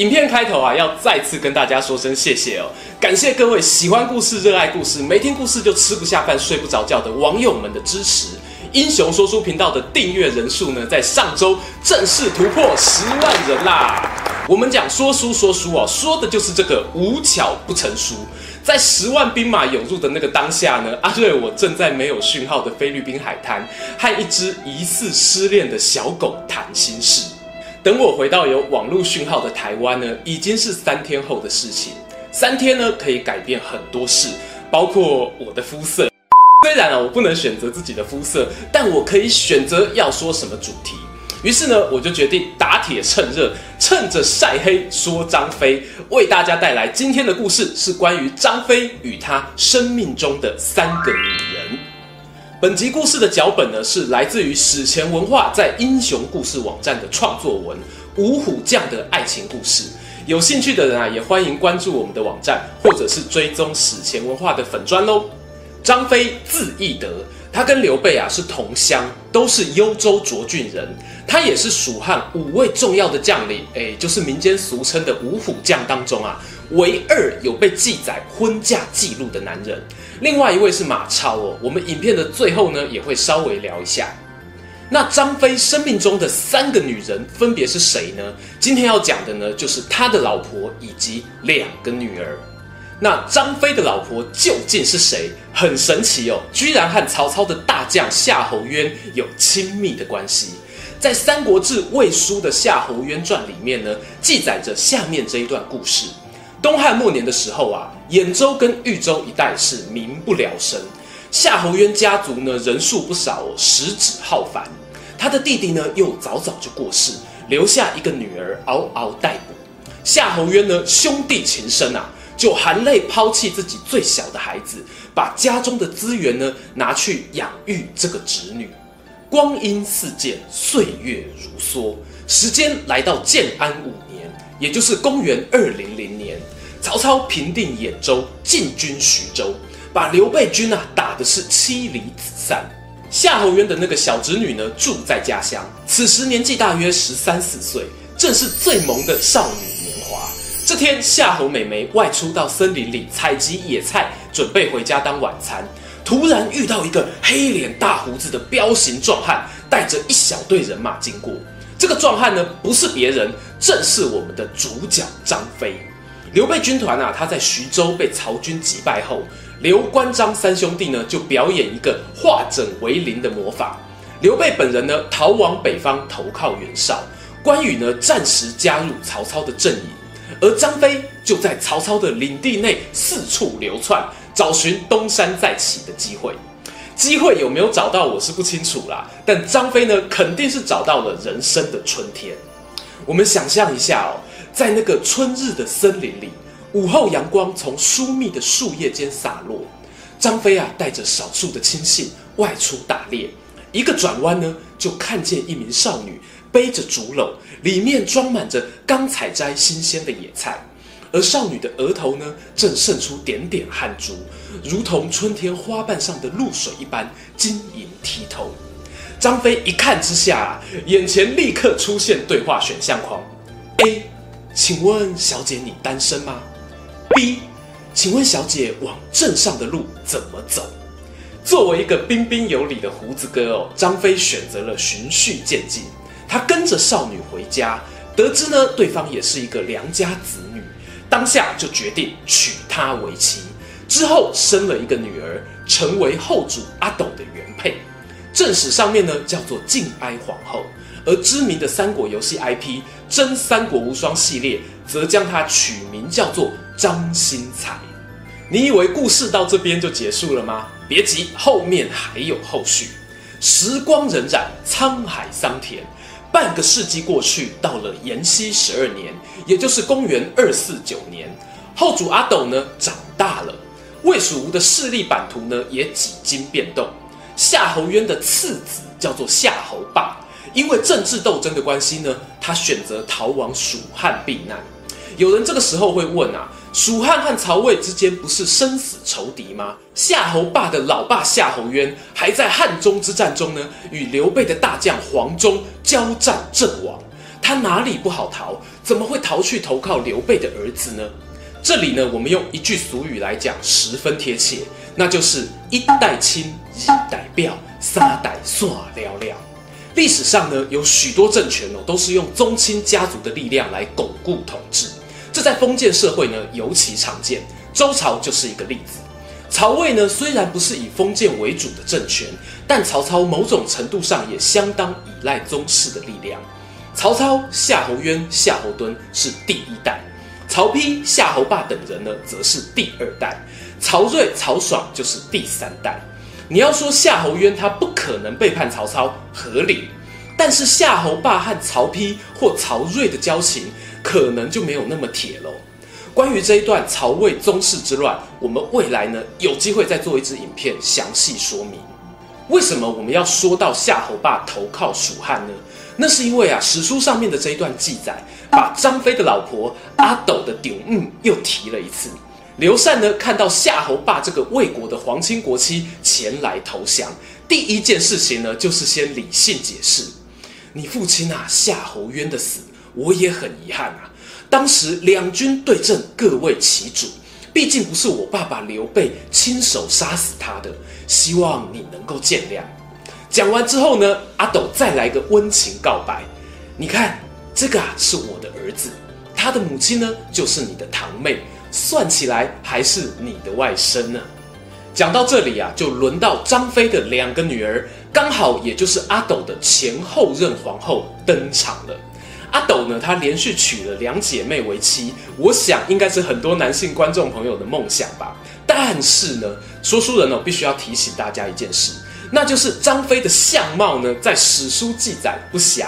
影片開頭啊，要再次跟大家說聲謝謝哦，感謝各位喜歡故事、熱愛故事、沒聽故事就吃不下飯、睡不着覺的網友們的支持。英雄說書頻道的訂閱人數呢，在上週正式突破十萬人啦！我們講說書說書啊，說的就是這個無巧不成書。在十萬兵馬湧入的那個當下呢，阿睿我正在沒有訊號的菲律賓海灘，和一隻疑似失戀的小狗談心事。等我回到有網絡訊號的台灣呢，已經是三天後的事情。三天呢，可以改變很多事，包括我的膚色。雖然啊，我不能選擇自己的膚色，但我可以選擇要說什麼主題。於是呢，我就決定打鐵趁熱，趁着曬黑說張飛。為大家帶來今天的故事，是關於張飛與他生命中的三個女人。本集故事的腳本呢，是來自於史前文化在英雄故事網站的創作文《五虎將的愛情故事》。有興趣的人啊，也歡迎關注我們的網站，或者是追蹤史前文化的粉專嘍。張飛字翼德，他跟劉備啊是同鄉，都是幽州涿郡人。他也是蜀漢五位重要的將領，誒，就是民間俗稱的五虎將當中啊，唯二有被記載婚嫁記錄的男人。另外一位是馬超哦，我們影片的最後呢，也會稍微聊一下。那張飛生命中的三個女人分別是誰呢？今天要講的呢，就是他的老婆以及兩個女兒。那張飛的老婆究竟是誰？很神奇哦，居然和曹操的大將夏侯淵有親密的關係。在《三國志·魏書》的夏侯淵傳裡面呢，記載着下面這一段故事。東漢末年的時候啊，兗州跟豫州一帶是民不聊生。夏侯淵家族呢人數不少，食指浩繁。他的弟弟呢又早早就過世，留下一個女兒嗷嗷待哺。夏侯淵呢兄弟情深啊，就含淚拋棄自己最小的孩子，把家中的資源呢拿去養育這個侄女。光陰似箭，歲月如梭，時間來到建安五年，也就是公元二零零。曹操平定兗州，進軍徐州，把劉備軍啊打的是妻離子散。夏侯淵的那個小侄女呢，住在家鄉，此時年紀大約十三四歲，正是最萌的少女年華。這天，夏侯美眉外出到森林裡採集野菜，準備回家當晚餐，突然遇到一個黑臉大鬍子的彪形壯漢，帶着一小隊人馬經過。這個壯漢呢，不是別人，正是我們的主角張飛。劉備軍團啊，他在徐州被曹軍擊敗後，劉關張三兄弟呢，就表演一個化整為零的魔法。劉備本人呢，逃往北方投靠袁紹，關羽呢，暫時加入曹操的陣營，而張飛就在曹操的領地內四處流竄，找尋東山再起的機會。機會有沒有找到，我是不清楚啦。但張飛呢，肯定是找到了人生的春天。我們想象一下哦。在那個春日的森林裡，午後陽光從疏密的樹葉間灑落。張飛啊，帶着少數的親信外出打獵，一個轉彎呢，就看見一名少女背着竹簍，裡面裝滿着剛採摘新鮮的野菜，而少女的額頭呢，正滲出點點汗珠，如同春天花瓣上的露水一般晶瑩剔透。張飛一看之下啊，眼前立刻出現對話選項框，A。請問小姐，你單身嗎？B，請問小姐往鎮上的路怎麼走？作為一個彬彬有禮的鬍子哥哦，張飛選擇了循序漸進。他跟着少女回家，得知呢對方也是一個良家子女，當下就決定娶她為妻。之後生了一個女兒，成為後主阿斗的原配，正史上面呢叫做敬哀皇後。而知名的三國遊戲 IP《真三國無雙》系列，則將它取名叫做張星彩。你以為故事到這邊就結束了嗎？別急，後面還有後續。時光荏苒，滄海桑田，半個世紀過去，到了延熙十二年，也就是公元二四九年，後主阿斗呢長大了，魏蜀吳的勢力版圖呢也幾經變動。夏侯淵的次子叫做夏侯霸。因為政治鬥爭的關係呢，他選擇逃往蜀漢避難。有人這個時候會問啊，蜀漢和曹魏之間不是生死仇敵嗎？夏侯霸的老爸夏侯淵還在漢中之戰中呢，與劉備的大將黃忠交戰陣亡。他哪裡不好逃，怎麼會逃去投靠劉備的兒子呢？這裡呢，我們用一句俗語來講，十分貼切，那就是一代親，一代表，三代算寥寥。」歷史上呢，有許多政權哦，都是用宗親家族的力量來鞏固統治。這在封建社會呢，尤其常見。周朝就是一個例子。曹魏呢，雖然不是以封建為主的政權，但曹操某種程度上也相當依賴宗室的力量。曹操、夏侯淵、夏侯惇是第一代，曹丕、夏侯霸等人呢，則是第二代，曹睿、曹爽就是第三代。你要說夏侯淵他不可能背叛曹操，合理。但是夏侯霸和曹丕或曹叡的交情，可能就沒有那麼鐵咯。關於這一段曹魏宗室之亂，我們未來呢，有機會再做一支影片詳細說明。為什麼我們要說到夏侯霸投靠蜀漢呢？那是因為啊，史書上面的這一段記載，把張飛的老婆阿斗的頂目又提了一次。劉禪呢，看到夏侯霸這個魏國的皇親國戚前來投降，第一件事情呢，就是先理性解釋：“你父親啊，夏侯淵的死，我也很遺憾啊。當時兩軍對陣，各為其主，畢竟不是我爸爸劉備親手殺死他的，希望你能夠見諒。”講完之後呢，阿斗再來個溫情告白：“你看，這個啊是我的兒子，他的母親呢，就是你的堂妹。”算起來還是你的外甥呢、啊。講到這裡啊，就輪到張飛的兩個女兒，剛好也就是阿斗的前後任皇后登場了。阿斗呢，他連續娶了兩姐妹為妻，我想應該是很多男性觀眾朋友的夢想吧。但是呢，說書人呢、哦、必須要提醒大家一件事，那就是張飛的相貌呢，在史書記載不詳。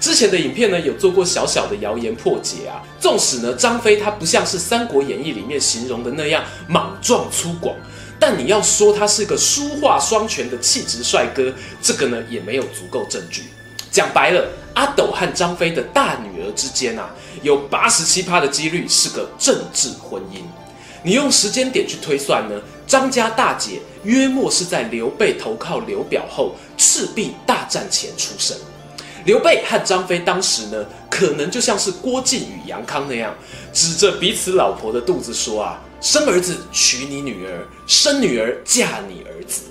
之前的影片呢，有做過小小的謠言破解啊。縱使呢，張飛他不像是《三國演義》裡面形容的那樣莽撞粗獷，但你要說他是個書畫雙全的氣質帥哥，這個呢也沒有足夠證據。講白了，阿斗和張飛的大女兒之間啊，有八十七趴的幾率是個政治婚姻。你用時間點去推算呢，張家大姐約莫是在劉備投靠劉表後，赤壁大戰前出生。劉備和張飛當時呢，可能就像是郭靖與楊康那樣，指着彼此老婆的肚子說：“啊，生兒子娶你女兒，生女兒嫁你兒子。”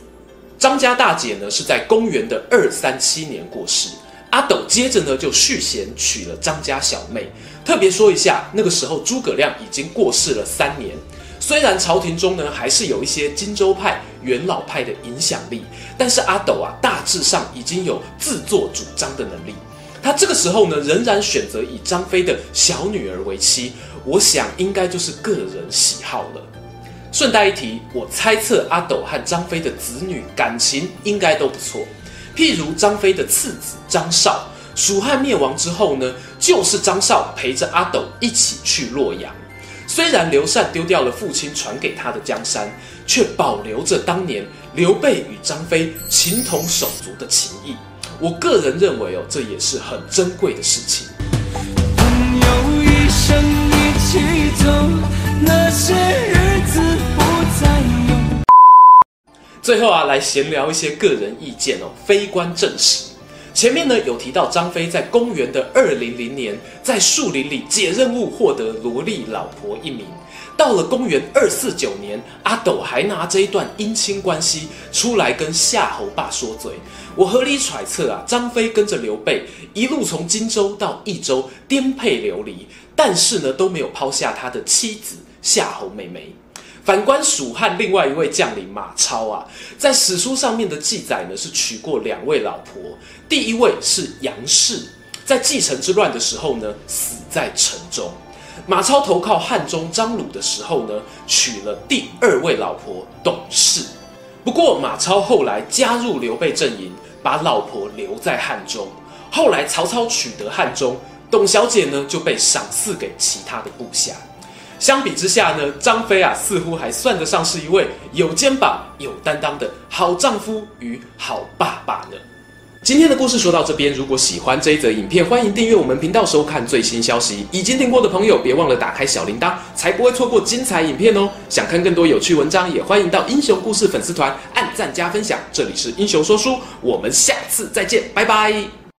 張家大姐呢是在公元的二三七年過世，阿斗接着呢就續弦娶了張家小妹。特別說一下，那個時候諸葛亮已經過世了三年，雖然朝廷中呢還是有一些荊州派、元老派的影響力，但是阿斗啊大。大致上已經有自作主張的能力，他這個時候呢，仍然選擇以張飛的小女兒為妻，我想應該就是個人喜好了。順帶一提，我猜測阿斗和張飛的子女感情應該都不錯，譬如張飛的次子張紹，蜀漢滅亡之後呢，就是張紹陪着阿斗一起去洛陽。雖然劉禪丟掉了父親傳給他的江山，卻保留着當年劉備與張飛情同手足的情誼。我個人認為哦，這也是很珍貴的事情。朋友一生一起走，那些日子不再有。最後啊，來閒聊一些個人意見哦，非關正史。前面呢有提到張飛在公元的二零零年，在樹林裡解任務獲得蘿莉老婆一名。到了公元二四九年，阿斗還拿這一段姻親關係出來跟夏侯霸說嘴。我合理揣測啊，張飛跟着劉備一路從荊州到益州，顛沛流離，但是呢都沒有拋下他的妻子夏侯妹妹。反觀蜀漢另外一位將領馬超啊，在史書上面的記載呢是娶過兩位老婆，第一位是楊氏，在冀城之亂的時候呢死在城中，馬超投靠漢中張魯的時候呢娶了第二位老婆董氏，不過馬超後來加入劉備陣營，把老婆留在漢中，後來曹操取得漢中，董小姐呢就被賞賜給其他的部下。相比之下呢，張飛啊，似乎還算得上是一位有肩膀、有擔當的好丈夫與好爸爸呢。今天的故事說到這邊，如果喜歡這一則影片，歡迎訂閱我們頻道收看最新消息。已經訂過的朋友，別忘了打開小鈴鐺，才不會錯過精彩影片哦。想看更多有趣文章，也歡迎到英雄故事粉絲團按贊加分享。這裡是英雄說書，我們下次再見，拜拜。